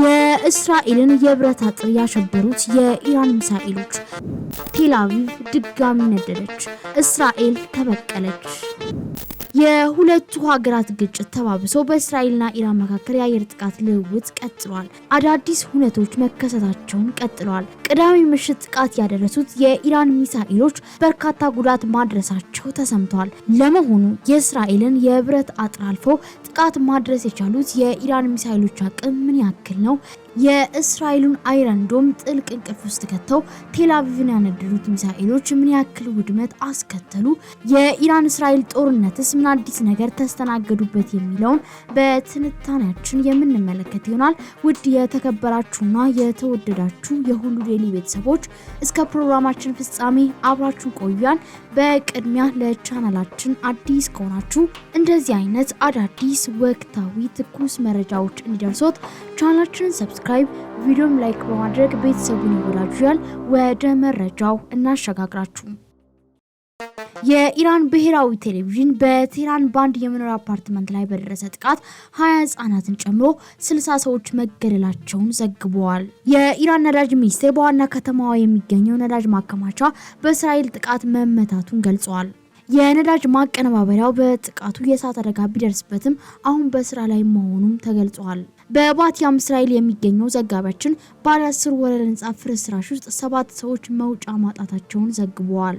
የእስራኤልን የብረት አጥር ያሸበሩት የኢራን ሚሳኤሎች፣ ቴል ድጋሚ ነደደች፣ እስራኤል ተበቀለች። የሁለቱ ሀገራት ግጭት ተባብሶ በእስራኤልና ኢራን መካከል የአየር ጥቃት ልውውጥ ቀጥሏል። አዳዲስ ሁነቶች መከሰታቸውን ቀጥሏል። ቅዳሜ ምሽት ጥቃት ያደረሱት የኢራን ሚሳኤሎች በርካታ ጉዳት ማድረሳቸው ተሰምቷል። ለመሆኑ የእስራኤልን የብረት አጥር አልፎ ጥቃት ማድረስ የቻሉት የኢራን ሚሳኤሎች አቅም ምን ያክል ነው? የእስራኤሉን አይረን ዶም ጥልቅ እንቅልፍ ውስጥ ከተው ቴላቪቭን ያነደዱት ሚሳኤሎች ምን ያክል ውድመት አስከተሉ? የኢራን እስራኤል ጦርነትስ ምን አዲስ ነገር ተስተናገዱበት? የሚለውን በትንታኔያችን የምንመለከት ይሆናል። ውድ የተከበራችሁና የተወደዳችሁ የሁሉ ዴይሊ ቤተሰቦች እስከ ፕሮግራማችን ፍጻሜ አብራችሁ ቆያን። በቅድሚያ ለቻናላችን አዲስ ከሆናችሁ እንደዚህ አይነት አዳዲስ ወቅታዊ ትኩስ መረጃዎች እንዲደርሶት ቻናላችንን ሰብስ ሰብስክራይብ፣ ቪዲዮም ላይክ በማድረግ ቤተሰቡን ይወዳጁያል። ወደ መረጃው እናሸጋግራችሁ። የኢራን ብሔራዊ ቴሌቪዥን በቴህራን በአንድ የመኖሪያ አፓርትመንት ላይ በደረሰ ጥቃት ሀያ ህጻናትን ጨምሮ ስልሳ ሰዎች መገደላቸውን ዘግበዋል። የኢራን ነዳጅ ሚኒስቴር በዋና ከተማዋ የሚገኘው ነዳጅ ማከማቻ በእስራኤል ጥቃት መመታቱን ገልጿል። የነዳጅ ማቀነባበሪያው በጥቃቱ የእሳት አደጋ ቢደርስበትም አሁን በስራ ላይ መሆኑም ተገልጿል። በባቲ እስራኤል የሚገኘው ዘጋቢያችን ባለ አስር ወለል ህንጻ ፍርስራሽ ውስጥ ሰባት ሰዎች መውጫ ማጣታቸውን ዘግበዋል።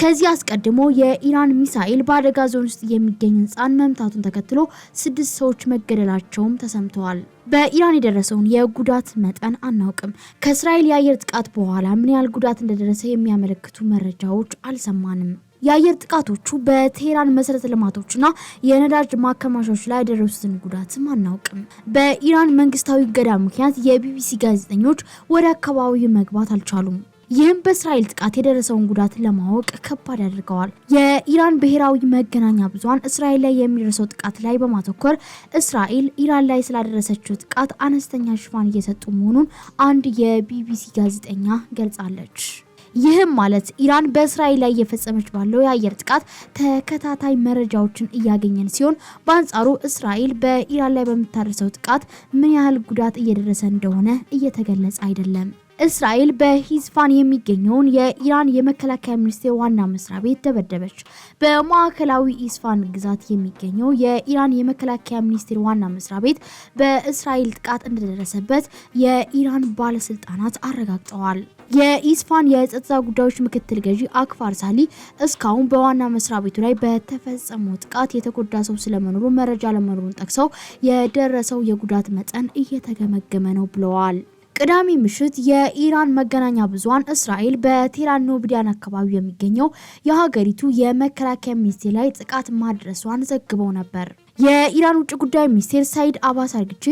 ከዚህ አስቀድሞ የኢራን ሚሳኤል በአደጋ ዞን ውስጥ የሚገኝ ህንፃን መምታቱን ተከትሎ ስድስት ሰዎች መገደላቸውም ተሰምተዋል። በኢራን የደረሰውን የጉዳት መጠን አናውቅም። ከእስራኤል የአየር ጥቃት በኋላ ምን ያህል ጉዳት እንደደረሰ የሚያመለክቱ መረጃዎች አልሰማንም። የአየር ጥቃቶቹ በቴህራን መሰረተ ልማቶችና የነዳጅ ማከማቻዎች ላይ ያደረሱትን ጉዳትም አናውቅም። በኢራን መንግስታዊ እገዳ ምክንያት የቢቢሲ ጋዜጠኞች ወደ አካባቢው መግባት አልቻሉም። ይህም በእስራኤል ጥቃት የደረሰውን ጉዳት ለማወቅ ከባድ ያደርገዋል። የኢራን ብሔራዊ መገናኛ ብዙሃን እስራኤል ላይ የሚደርሰው ጥቃት ላይ በማተኮር እስራኤል ኢራን ላይ ስላደረሰችው ጥቃት አነስተኛ ሽፋን እየሰጡ መሆኑን አንድ የቢቢሲ ጋዜጠኛ ገልጻለች። ይህም ማለት ኢራን በእስራኤል ላይ እየፈጸመች ባለው የአየር ጥቃት ተከታታይ መረጃዎችን እያገኘን ሲሆን፣ በአንጻሩ እስራኤል በኢራን ላይ በምታደርሰው ጥቃት ምን ያህል ጉዳት እየደረሰ እንደሆነ እየተገለጸ አይደለም። እስራኤል በሂዝፋን የሚገኘውን የኢራን የመከላከያ ሚኒስቴር ዋና መስሪያ ቤት ደበደበች። በማዕከላዊ ኢስፋን ግዛት የሚገኘው የኢራን የመከላከያ ሚኒስቴር ዋና መስሪያ ቤት በእስራኤል ጥቃት እንደደረሰበት የኢራን ባለስልጣናት አረጋግጠዋል። የኢስፋን የጸጥታ ጉዳዮች ምክትል ገዢ አክፋር ሳሊ እስካሁን በዋና መስሪያ ቤቱ ላይ በተፈጸመው ጥቃት የተጎዳ ሰው ስለመኖሩ መረጃ ለመኖሩን ጠቅሰው የደረሰው የጉዳት መጠን እየተገመገመ ነው ብለዋል። ቅዳሜ ምሽት የኢራን መገናኛ ብዙሃን እስራኤል በቴህራን ኖብዲያን አካባቢ የሚገኘው የሀገሪቱ የመከላከያ ሚኒስቴር ላይ ጥቃት ማድረሷን ዘግበው ነበር። የኢራን ውጭ ጉዳይ ሚኒስቴር ሳይድ አባስ አርግቼ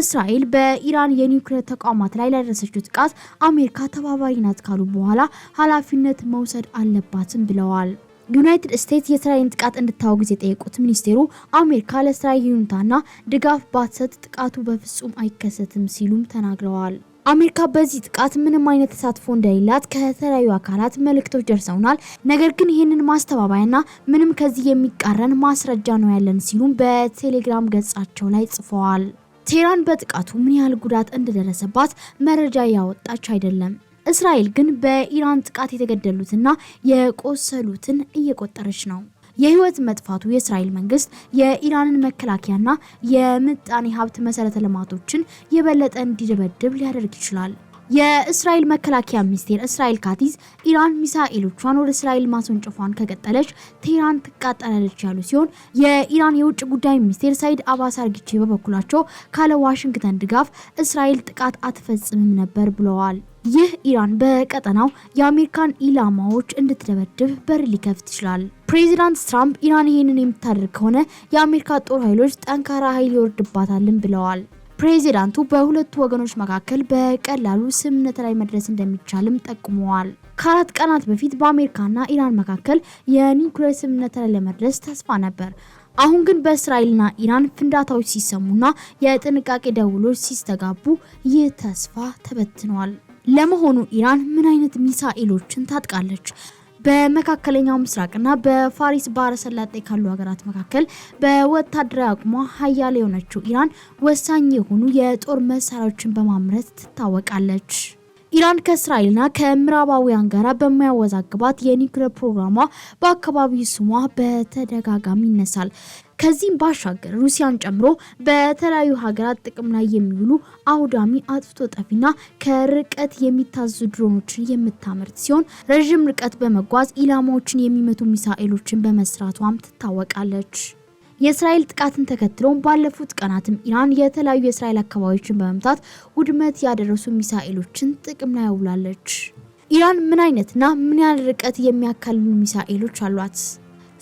እስራኤል በኢራን የኒውክሌር ተቋማት ላይ ላደረሰችው ጥቃት አሜሪካ ተባባሪ ናት ካሉ በኋላ ኃላፊነት መውሰድ አለባትም ብለዋል። ዩናይትድ ስቴትስ የእስራኤልን ጥቃት እንድታወግዝ የጠየቁት ሚኒስቴሩ አሜሪካ ለእስራኤል ይሁንታና ድጋፍ ባትሰጥ ጥቃቱ በፍጹም አይከሰትም ሲሉም ተናግረዋል። አሜሪካ በዚህ ጥቃት ምንም አይነት ተሳትፎ እንደሌላት ከተለያዩ አካላት መልእክቶች ደርሰውናል። ነገር ግን ይህንን ማስተባበያና ምንም ከዚህ የሚቃረን ማስረጃ ነው ያለን ሲሉም በቴሌግራም ገጻቸው ላይ ጽፈዋል። ቴህራን በጥቃቱ ምን ያህል ጉዳት እንደደረሰባት መረጃ ያወጣች አይደለም። እስራኤል ግን በኢራን ጥቃት የተገደሉትና የቆሰሉትን እየቆጠረች ነው። የህይወት መጥፋቱ የእስራኤል መንግስት የኢራንን መከላከያና የምጣኔ ሀብት መሰረተ ልማቶችን የበለጠ እንዲደበድብ ሊያደርግ ይችላል። የእስራኤል መከላከያ ሚኒስቴር እስራኤል ካቲዝ ኢራን ሚሳኤሎቿን ወደ እስራኤል ማስወንጨፏን ከቀጠለች ቴህራን ትቃጠላለች ያሉ ሲሆን የኢራን የውጭ ጉዳይ ሚኒስቴር ሳይድ አባስ አርጊቼ በበኩላቸው ካለ ዋሽንግተን ድጋፍ እስራኤል ጥቃት አትፈጽምም ነበር ብለዋል። ይህ ኢራን በቀጠናው የአሜሪካን ኢላማዎች እንድትደበድብ በር ሊከፍት ይችላል። ፕሬዚዳንት ትራምፕ ኢራን ይህንን የምታደርግ ከሆነ የአሜሪካ ጦር ኃይሎች ጠንካራ ኃይል ይወርድባታልን ብለዋል። ፕሬዚዳንቱ በሁለቱ ወገኖች መካከል በቀላሉ ስምምነት ላይ መድረስ እንደሚቻልም ጠቁመዋል። ከአራት ቀናት በፊት በአሜሪካና ኢራን መካከል የኒውክሌር ስምምነት ላይ ለመድረስ ተስፋ ነበር። አሁን ግን በእስራኤልና ኢራን ፍንዳታዎች ሲሰሙና የጥንቃቄ ደውሎች ሲስተጋቡ ይህ ተስፋ ተበትኗል። ለመሆኑ ኢራን ምን አይነት ሚሳኤሎችን ታጥቃለች? በመካከለኛው ምስራቅና በፋሪስ ባህረ ሰላጤ ካሉ ሀገራት መካከል በወታደራዊ አቅሟ ሀያል የሆነችው ኢራን ወሳኝ የሆኑ የጦር መሳሪያዎችን በማምረት ትታወቃለች። ኢራን ከእስራኤልና ከምዕራባውያን ጋር በማያወዛግባት የኒውክሌር ፕሮግራሟ በአካባቢው ስሟ በተደጋጋሚ ይነሳል። ከዚህም ባሻገር ሩሲያን ጨምሮ በተለያዩ ሀገራት ጥቅም ላይ የሚውሉ አውዳሚ አጥፍቶ ጠፊና ከርቀት የሚታዙ ድሮኖችን የምታመርት ሲሆን ረዥም ርቀት በመጓዝ ኢላማዎችን የሚመቱ ሚሳኤሎችን በመስራቷም ትታወቃለች። የእስራኤል ጥቃትን ተከትሎም ባለፉት ቀናትም ኢራን የተለያዩ የእስራኤል አካባቢዎችን በመምታት ውድመት ያደረሱ ሚሳኤሎችን ጥቅም ላይ ያውላለች። ኢራን ምን አይነትና ምን ያህል ርቀት የሚያካልሉ ሚሳኤሎች አሏት?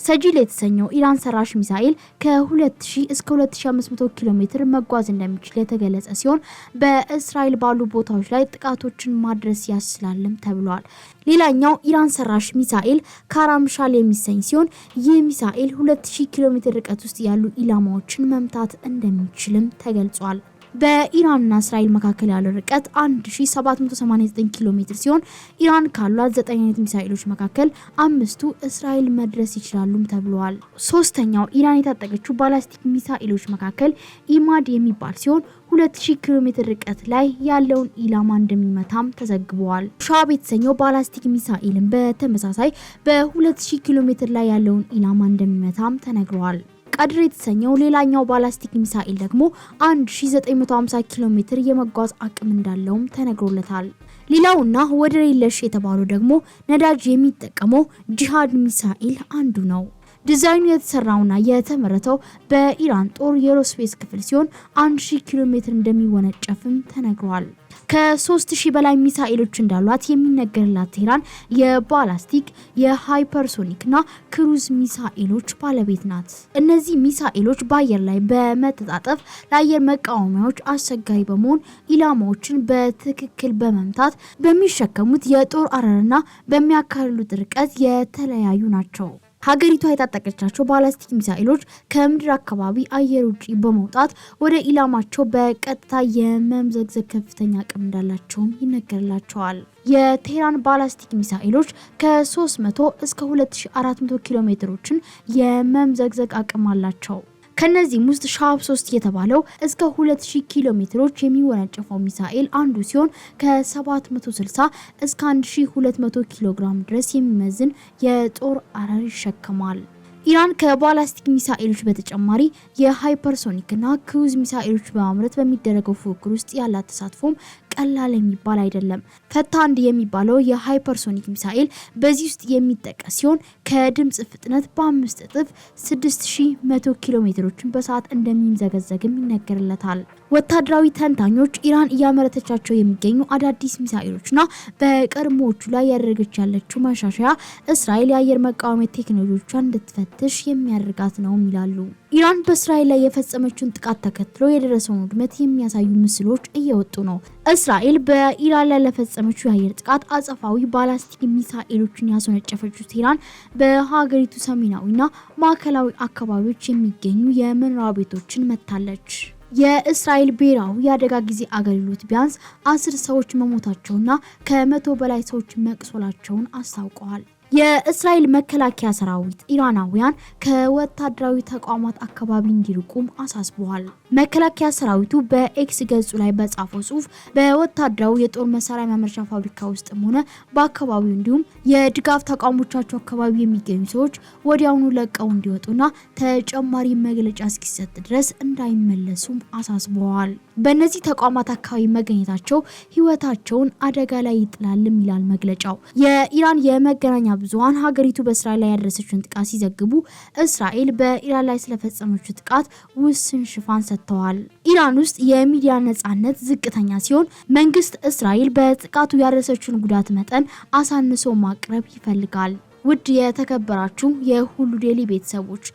ሰጂል የተሰኘው ኢራን ሰራሽ ሚሳኤል ከ2000 እስከ 2500 ኪሎ ሜትር መጓዝ እንደሚችል የተገለጸ ሲሆን በእስራኤል ባሉ ቦታዎች ላይ ጥቃቶችን ማድረስ ያስችላልም ተብሏል። ሌላኛው ኢራን ሰራሽ ሚሳኤል ካራምሻል የሚሰኝ ሲሆን ይህ ሚሳኤል 2000 ኪሎ ሜትር ርቀት ውስጥ ያሉ ኢላማዎችን መምታት እንደሚችልም ተገልጿል። በኢራንና እስራኤል መካከል ያለው ርቀት 1789 ኪሎ ሜትር ሲሆን ኢራን ካሏት ዘጠኝ አይነት ሚሳኤሎች መካከል አምስቱ እስራኤል መድረስ ይችላሉም ተብለዋል። ሶስተኛው ኢራን የታጠቀችው ባላስቲክ ሚሳኤሎች መካከል ኢማድ የሚባል ሲሆን 2000 ኪሎ ሜትር ርቀት ላይ ያለውን ኢላማ እንደሚመታም ተዘግበዋል። ሻብ የተሰኘው ባላስቲክ ሚሳኤልን በተመሳሳይ በ2000 ኪሎ ሜትር ላይ ያለውን ኢላማ እንደሚመታም ተነግረዋል። ቀድር የተሰኘው ሌላኛው ባላስቲክ ሚሳኤል ደግሞ 1950 ኪሎ ሜትር የመጓዝ አቅም እንዳለውም ተነግሮለታል። ሌላውና ወደር የለሽ የተባለው ደግሞ ነዳጅ የሚጠቀመው ጂሃድ ሚሳኤል አንዱ ነው። ዲዛይኑ የተሰራውና የተመረተው በኢራን ጦር የሮስፔስ ክፍል ሲሆን 1000 ኪሎ ሜትር እንደሚወነጨፍም ተነግሯል። ከ3000 በላይ ሚሳኤሎች እንዳሏት የሚነገርላት ቴህራን የባላስቲክ የሃይፐርሶኒክና ክሩዝ ሚሳኤሎች ባለቤት ናት። እነዚህ ሚሳኤሎች በአየር ላይ በመተጣጠፍ ለአየር መቃወሚያዎች አስቸጋሪ በመሆን ኢላማዎችን በትክክል በመምታት በሚሸከሙት የጦር አረርና በሚያካልሉት ርቀት የተለያዩ ናቸው። ሀገሪቷ የታጠቀቻቸው ባላስቲክ ሚሳኤሎች ከምድር አካባቢ አየር ውጪ በመውጣት ወደ ኢላማቸው በቀጥታ የመምዘግዘግ ከፍተኛ አቅም እንዳላቸውም ይነገርላቸዋል። የቴህራን ባላስቲክ ሚሳኤሎች ከ300 እስከ 2400 ኪሎ ሜትሮችን የመምዘግዘግ አቅም አላቸው። ከነዚህም ውስጥ ሻብ 3 የተባለው እስከ 2000 ኪሎ ሜትሮች የሚወነጨፈው ሚሳኤል አንዱ ሲሆን ከ760 እስከ 1200 ኪሎ ግራም ድረስ የሚመዝን የጦር አረር ይሸከማል። ኢራን ከባላስቲክ ሚሳኤሎች በተጨማሪ የሃይፐርሶኒክና ክሩዝ ሚሳኤሎች በማምረት በሚደረገው ፉክክር ውስጥ ያላት ተሳትፎም ቀላል የሚባል አይደለም። ፈታንድ የሚባለው የሃይፐርሶኒክ ሚሳኤል በዚህ ውስጥ የሚጠቀስ ሲሆን ከድምጽ ፍጥነት በአምስት እጥፍ 6100 ኪሎ ሜትሮችን በሰዓት እንደሚምዘገዘግም ይነገርለታል። ወታደራዊ ተንታኞች ኢራን እያመረተቻቸው የሚገኙ አዳዲስ ሚሳኤሎችና በቀድሞዎቹ ላይ ያደረገች ያለችው ማሻሻያ እስራኤል የአየር መቃወሚያ ቴክኖሎጂቿ እንድትፈትሽ የሚያደርጋት ነው ይላሉ። ኢራን በእስራኤል ላይ የፈጸመችውን ጥቃት ተከትሎ የደረሰውን ውድመት የሚያሳዩ ምስሎች እየወጡ ነው። እስራኤል በኢራን ላይ ለፈጸመችው የአየር ጥቃት አጸፋዊ ባላስቲክ ሚሳኤሎችን ያስወነጨፈችው ኢራን በሀገሪቱ ሰሜናዊና ማዕከላዊ አካባቢዎች የሚገኙ የመኖሪያ ቤቶችን መታለች። የእስራኤል ብሔራዊ የአደጋ ጊዜ አገልግሎት ቢያንስ አስር ሰዎች መሞታቸውና ከመቶ በላይ ሰዎች መቁሰላቸውን አስታውቀዋል። የእስራኤል መከላከያ ሰራዊት ኢራናውያን ከወታደራዊ ተቋማት አካባቢ እንዲርቁም አሳስበዋል። መከላከያ ሰራዊቱ በኤክስ ገጹ ላይ በጻፈው ጽሁፍ በወታደራዊ የጦር መሳሪያ ማምረቻ ፋብሪካ ውስጥም ሆነ በአካባቢው እንዲሁም የድጋፍ ተቋሞቻቸው አካባቢ የሚገኙ ሰዎች ወዲያውኑ ለቀው እንዲወጡና ተጨማሪ መግለጫ እስኪሰጥ ድረስ እንዳይመለሱም አሳስበዋል። በእነዚህ ተቋማት አካባቢ መገኘታቸው ህይወታቸውን አደጋ ላይ ይጥላልም ይላል መግለጫው። የኢራን የመገናኛ ብዙሃን ሀገሪቱ በእስራኤል ላይ ያደረሰችውን ጥቃት ሲዘግቡ እስራኤል በኢራን ላይ ስለፈጸመችው ጥቃት ውስን ሽፋን ሰጥ አጥተዋል። ኢራን ውስጥ የሚዲያ ነጻነት ዝቅተኛ ሲሆን መንግስት እስራኤል በጥቃቱ ያደረሰችውን ጉዳት መጠን አሳንሶ ማቅረብ ይፈልጋል። ውድ የተከበራችሁ የሁሉ ዴሊ ቤተሰቦች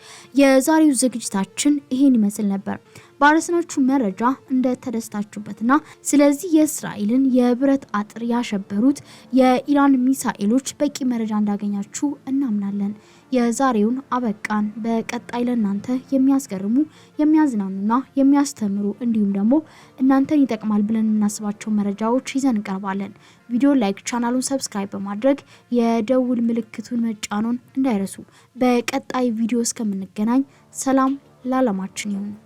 የዛሬው ዝግጅታችን ይሄን ይመስል ነበር። ባረስናችሁ መረጃ እንደተደስታችሁበትና ስለዚህ የእስራኤልን የብረት አጥር ያሸበሩት የኢራን ሚሳኤሎች በቂ መረጃ እንዳገኛችሁ እናምናለን። የዛሬውን አበቃን። በቀጣይ ለእናንተ የሚያስገርሙ የሚያዝናኑና የሚያስተምሩ እንዲሁም ደግሞ እናንተን ይጠቅማል ብለን የምናስባቸው መረጃዎች ይዘን እንቀርባለን። ቪዲዮ ላይክ፣ ቻናሉን ሰብስክራይብ በማድረግ የደውል ምልክቱን መጫኑን እንዳይረሱ። በቀጣይ ቪዲዮ እስከምንገናኝ ሰላም ለዓለማችን ይሁን።